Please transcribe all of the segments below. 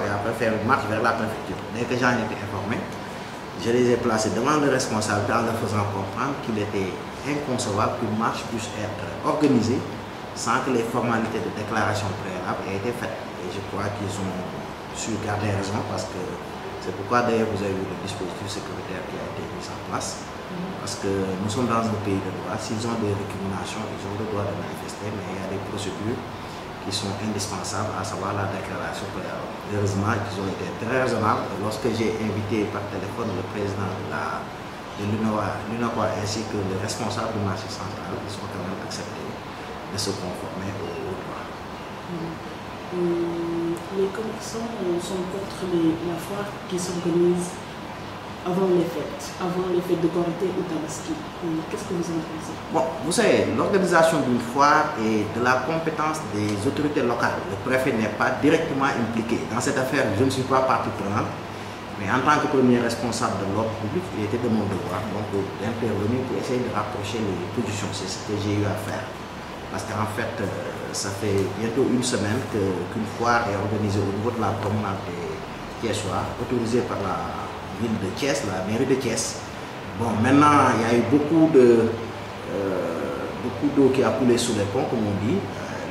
là-bas et après faire une marche vers la préfecture. Dès que j'en étais informé, je les ai placés devant le responsable en faisant comprendre qu'il était inconcevable qu'une marche puisse être organisée sans que les formalités de déclaration préalable aient été faites. Et je crois qu'ils ont su garder raison parce que c'est pourquoi d'ailleurs vous avez vu le dispositif sécuritaire qui a été mis en place. Mm-hmm. Parce que nous sommes dans un pays de droit. S'ils des récriminations, ils sont indispensables, à savoir la déclaration préalable. Euh, heureusement qu'ils ont été très raisonnables. Lorsque j'ai invité par téléphone le président de la de ainsi que le responsable du marché central, ils sont quand même acceptés de se conformer aux, aux droits. Mmh. Mmh. sont contre les, la foire qui s'organise avant les fêtes, avant les de Corité ou Tabaski. Euh, vous savez, l'organisation d'une foire est de la compétence des autorités locales. Le préfet n'est pas directement impliqué. Dans cette affaire, je ne suis pas partie mais en tant que premier responsable de l'ordre public, il était de mon devoir donc d'intervenir pour essayer de rapprocher les positions. C'est ce que j'ai eu à faire. Parce qu'en fait, euh, ça fait bientôt une semaine qu'une foire est organisée au niveau la promenade des Tiessois, autorisée ville de Thiès, la mairie de Thiès. Bon, maintenant, il y a eu beaucoup de euh, beaucoup qui a coulé sous les ponts, comme on dit.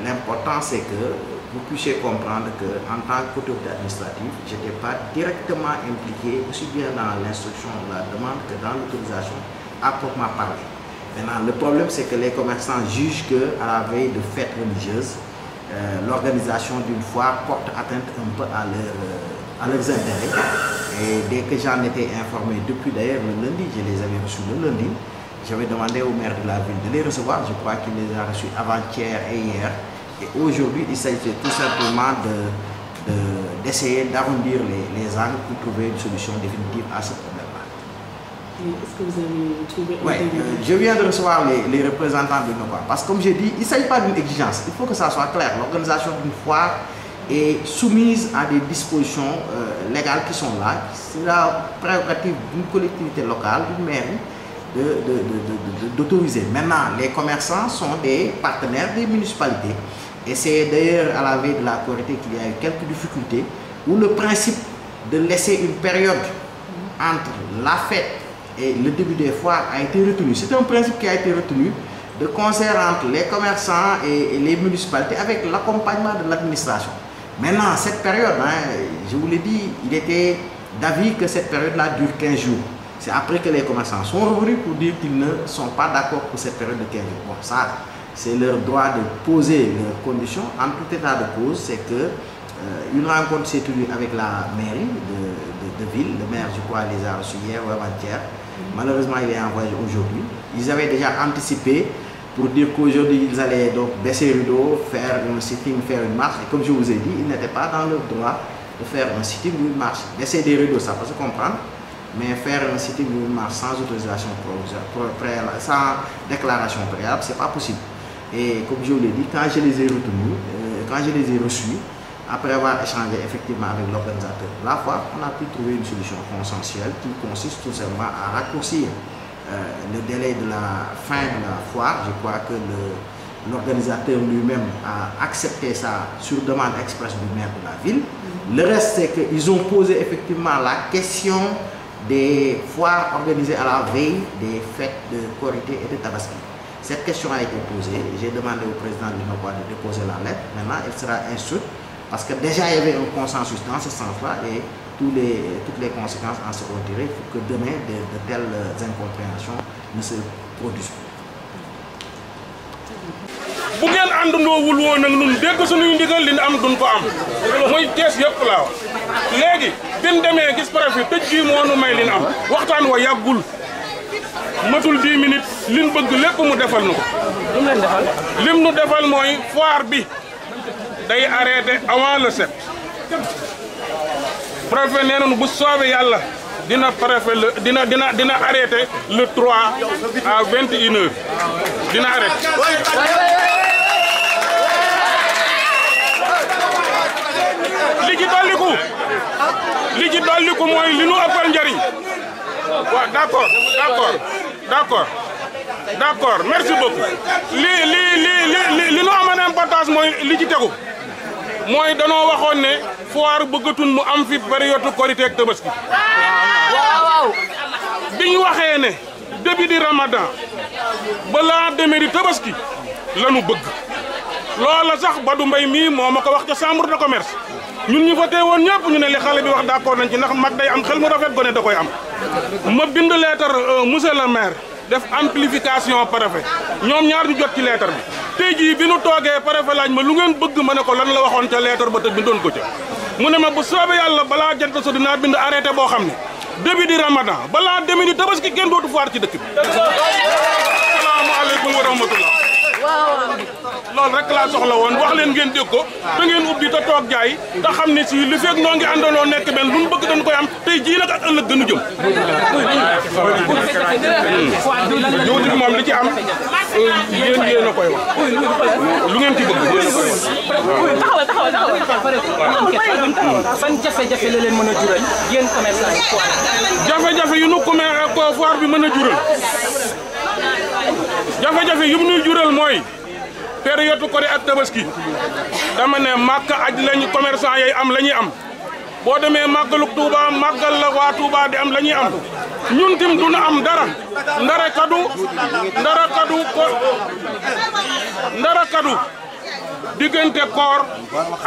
L'important, c'est que vous puissiez comprendre que en tant qu'autorité administrative, je n'étais pas directement impliqué aussi bien dans l'instruction de la demande que dans l'autorisation à parler. Maintenant, le problème, c'est que les commerçants jugent que à la veille de fêtes religieuses, euh, l'organisation d'une foire porte atteinte un peu Et dès que j'en étais informé, depuis d'ailleurs le lundi, je les avais reçus le lundi, j'avais demandé au de la ville de les recevoir. Je crois qu'il les a reçus avant-hier et hier. Et aujourd'hui, il s'agit tout simplement de, de, d'arrondir les, angles pour trouver une solution définitive à ce problème-là. que vous avez trouvé euh, je viens de recevoir les, représentants de L'organisation d'une foire et soumise à des dispositions euh, légales qui sont là. C'est la prérogative d'une collectivité locale, d'une mairie, d'autoriser. De, de, de, Maintenant, les commerçants sont des partenaires des municipalités. Et c'est d'ailleurs à la veille de la Corité qu'il y a eu quelques difficultés, où le principe de laisser une période entre la fête et le début des fois a été retenu. C'est un principe qui a été retenu de concert entre les commerçants et, les municipalités avec l'accompagnement de l'administration. Maintenant, cette période, hein, je vous l'ai dit, il était d'avis que cette période-là dure 15 jours. C'est après que les commerçants sont revenus pour dire qu'ils ne sont pas d'accord pour cette période de 15 jours. Bon, ça, c'est leur droit de poser leurs conditions. En tout état de cause, c'est que euh, une rencontre s'est tenue avec la mairie de, ville. Le maire, je crois, les a reçus hier ou avant-hier. Malheureusement, il est envoyé aujourd'hui. Ils avaient déjà anticipé pour dire qu'aujourd'hui ils allaient donc baisser rideau, faire un sitting, faire une marche. Et comme je vous ai dit, ils n'étaient pas dans leur droit de faire un sitting ou une marche. Baisser des rideaux, ça peut se comprendre, mais faire un sitting ou une marche sans autorisation préalable, sans déclaration préalable, c'est pas possible. Et comme je vous l'ai dit, quand je les ai retenus, euh, quand je les ai reçus, après avoir échangé effectivement avec l'organisateur la fois, on a pu trouver une Euh, le délai de la fin de la foire. Je crois que l'organisateur lui-même a accepté ça sur demande express du maire de la ville. Mmh. Le reste, c'est qu'ils ont posé effectivement la question des foires organisées à la veille des fêtes de Corité et de Tabaski. Cette question a été posée. J'ai demandé au président de de déposer la lettre. Maintenant, elle sera instruite parce que déjà il y avait un consensus dans ce sens-là tous les, toutes les conséquences que demain de, de telles euh, incompréhensions ne ngeen àndandoowul woon nag ñun dégg suñuy ndigal li am duñ ko am muy Cees yëpp laaw léegi bin demee gis préfet tëj gii moo nu may li am waxtaan wa yàggul matul 10 minutes liñ bëgg lépp mu defal nu ko lim nu defal mooy foire bi day arrêté avant le sept préfet nee nañu bu soobee yàlla dina préfet le dina dina dina arrêté le 3 à 21 dina arrêté. li ci dolliku li ci dolliku mooy li nu ëppal njëriñ waaw d'accord d'accord d'accord d'accord merci beaucoup li li li li li nu amoon importance mooy li ci tegu mooy danoo waxoon foire bëggatun mu am fi période korité ak tabaski waaw bi ñu waxee ne début di ramadan balaa demee di tabaski lanu bëgg loola sax Badou Mbaye mii moo ma ko wax ca chambre de commerce ñun ñu fa woon ñëpp ñu ne li xale bi wax d'accord nañ ci ndax mag day am xel mu rafet gone da koy am ma bind leetar euh, monsieur le maire def amplification préfet ñoom ñaar ñu jot ci leetar bi tey jii bi nu toogee préfet laaj ma lu ngeen bëgg ma ne ko lan la waxoon ca leetar ba te bindoon ko ca mu ne ma bu soobee yàlla balaa jant so naa bind arrêté boo xam ne début du ramadan balaa demi di tabaski kenn dootu faar ci dëkk bi. asalaamaaleykum wa rahmatullah loolu rek laa soxla woon wax leen ngeen dégg ko da ngeen ubbi te toog jaay te xam ne si li feeg noo ngi àndaloo nekk benn lu ñu bëgg dañ koy am tey jii nag ak ëllëg gënu jëm hmm. jowtig moom li ci am yéen yéen a koy wax lu ngeen ci bëgg taxawal taxawal taxawal ban hmm. hmm. jafe-jafe la leen mën a jural yéen commerçant yi jafe-jafe yu nu commerce foire bi mën a jural jafe-jafe yum ñuy jural mooy période koré ak tabaski dama ne màkk aj lañ commerçant yay am la ñuy am boo demee màggalu Touba màggal la waa Touba di am la ñuy am ñun tim na am dara ndara kadu ndara kadu ko ndara kadu diggante koor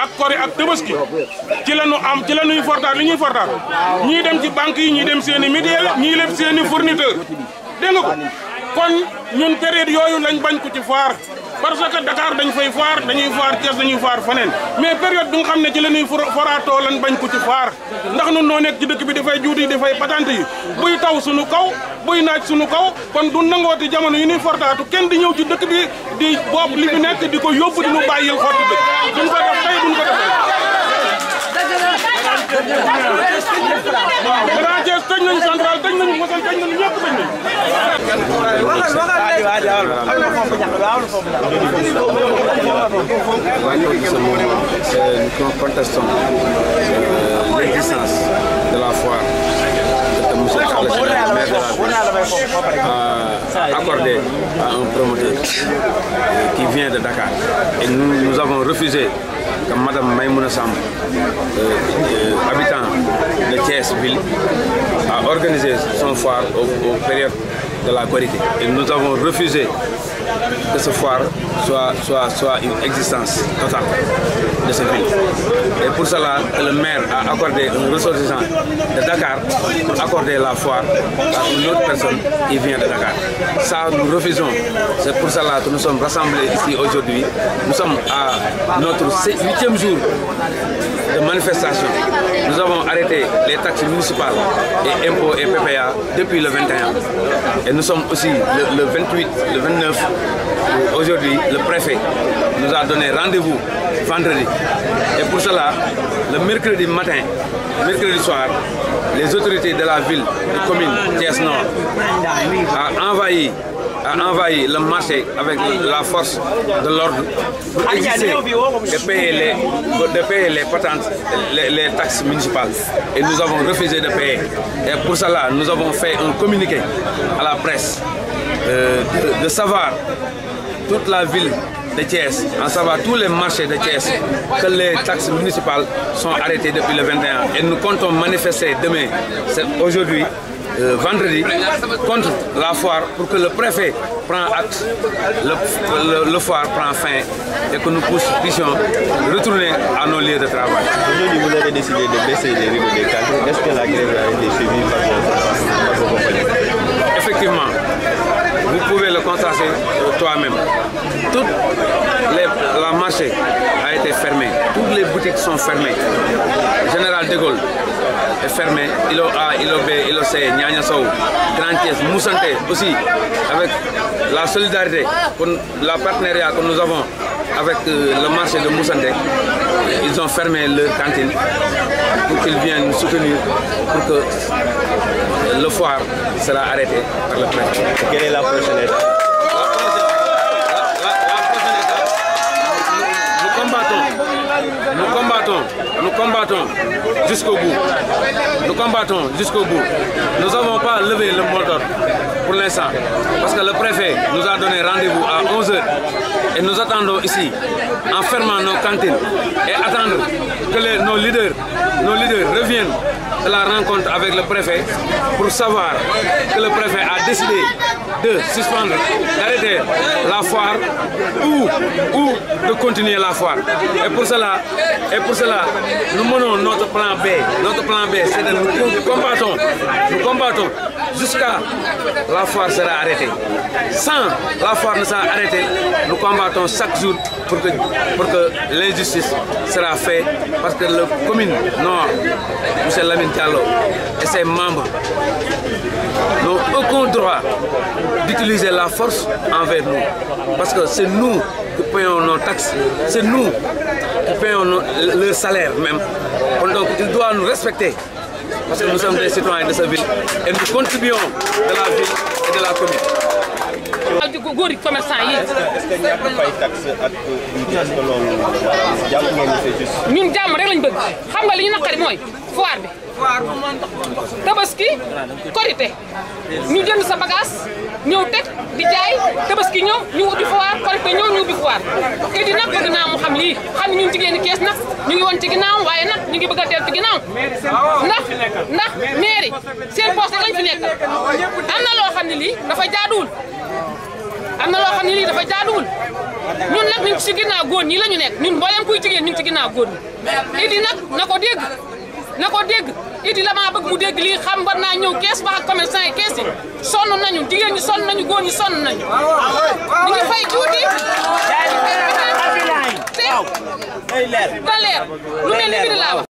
ak kori ak tabaski ci la nu am ci la ñuy fortaat li ñuy fortaat ñii dem ci banque yi ñii dem seeni i mutuelle ñii leb seen i fourniteur nga ko kon ñun période yooyu lañ bañ ko ci foire parce que Dakar dañ fay foire dañuy foire Thiès dañuy foire feneen mais période bi nga xam ne ci la ñuy foraatoo lañ bañ ko ci foire ndax nun noo nekk ci dëkk bi dafay juuti yi dafay patante yi buy taw suñu kaw buy naaj suñu kaw kon du nangooti jamono yu ñuy fortaatu kenn di ñëw ci dëkk bi di boob li fi nekk di ko yóbbu di ñu bàyyil xotti dëkk duñ ko def tey duñ ko def mosal dañ na ñëpp bañ nañ waxal waxal lay am Nous contestons l'existence de de la ville, accordée à qui vient de Dakar. Et nous avons refusé que madame Maïmouna Samb euh, euh, habitant de Thiès ville a organisé son foire aux, aux périodes de la Korité et nous avons refusé que ce foire soit, soit, soit une existence totale de ce pays. Et pour cela, le maire a accordé un ressortissant de Dakar pour accorder la foire à une autre personne qui vient de Dakar. Ça, nous refusons. C'est pour cela que nous sommes rassemblés ici aujourd'hui. Nous sommes à notre huitième jour de manifestation. Nous avons arrêté les taxes municipales et impôts et PPA depuis le 21. Et nous sommes aussi le, le 28, le 29. Aujourd'hui, le préfet nous a donné rendez-vous vendredi. Et pour cela, le mercredi matin, mercredi soir, les autorités de la ville, de commune, a envahi le marché avec la force de l'ordre pour exiger de payer les, de payer les patentes, les, les, taxes municipales. Et nous avons refusé de payer. Et pour cela, nous avons fait un communiqué à la presse euh, de, de savoir toute la ville de Thiès, en savoir tous les marchés de Thiès, que les taxes municipales sont arrêtées depuis le 21. Et nous comptons manifester demain, aujourd'hui, euh, vendredi contre la foire pour que le préfet prend acte, le, le, le foire prend fin et que nous puissions retourner à nos lieux de travail. Aujourd'hui, vous avez décidé de baisser les rideaux des cadres. Est-ce que la grève a été suivie Effectivement. vous pouvez le constater toi-même. Toute les, la marché a été fermée. Toutes les boutiques sont fermées. Général de Gaulle est fermé. Ilo A, Ilo B, Ilo C, Nyanya Sao, Grandies, Moussante aussi, avec la solidarité, pour la partenariat que nous avons avec euh, le marché de Moussandek, ils ont fermé leur cantine pour qu'ils viennent nous soutenir pour que le foire sera arrêté par le préfet. Quelle est la prochaine étape Nous combattons, nous combattons jusqu'au bout. Nous combattons pas levé le mot pour l'instant, parce que le préfet nous a donné rendez-vous à 11 et nous attendons ici en fermant nos cantines et attendre que les, nos leaders, nos leaders reviennent de la rencontre avec le préfet pour savoir que le préfet a décidé de suspendre, d'arrêter la ou, de continuer la foire. Et pour cela, nous menons notre plan B. Notre plan B, c'est de nous combattons, jusqu'à la sera arrêtée. Sans la foire sera arrêtée, nous combattons chaque jour pour que, pour que l'injustice sera faite parce que le commune nord, M. Lamine Diallo et ses membre n'ont aucun droit d'utiliser la force envers nous. Parce que c'est nous qui payons nos taxes, c'est nous qui payons nos, le salaire même. Donc ils doivent nous respecter parce que nous sommes des citoyens de cette ville et nous contribuons de la ville et de la commune. góor yi commerçant yi. est-ce que ñàkk fay taxe ak que ñun jàmm rek lañ bëgg xam nga li ñu naqari mooy foire bi. tabaski korité ñu jënd sa bagage ñëw teg. di jaay tabaski ñoom ñu ubbi foire parce que ñoom ñu ubbi foire te di nag bëgg naa mu xam lii xam ne ñun jigéeni Kees nag ñu ngi woon ci ginnaaw waaye nag ñu ngi bëgg a dellu ci ginnaaw ndax ndax mairie seen poste lañ fi nekkal am na loo xam ne lii dafa jaaduwul am na loo xam ne lii dafa jaaduwul ñun nag ñu ngi ci ginnaaw ñi la ñu nekk ñun mboolem kuy jigéen ñu ngi ci ginnaaw góor ñi idi nag na dégg na ko dégg Idi la maa bëgg mu dégg lii xam war naa ñëw kees ba ak commerçant yi kees yi sonn nañu jigéen ñi sonn nañu góor ñi sonn nañu. ñu ngi fay tuuti. te. day leer lu mel ni laa wax.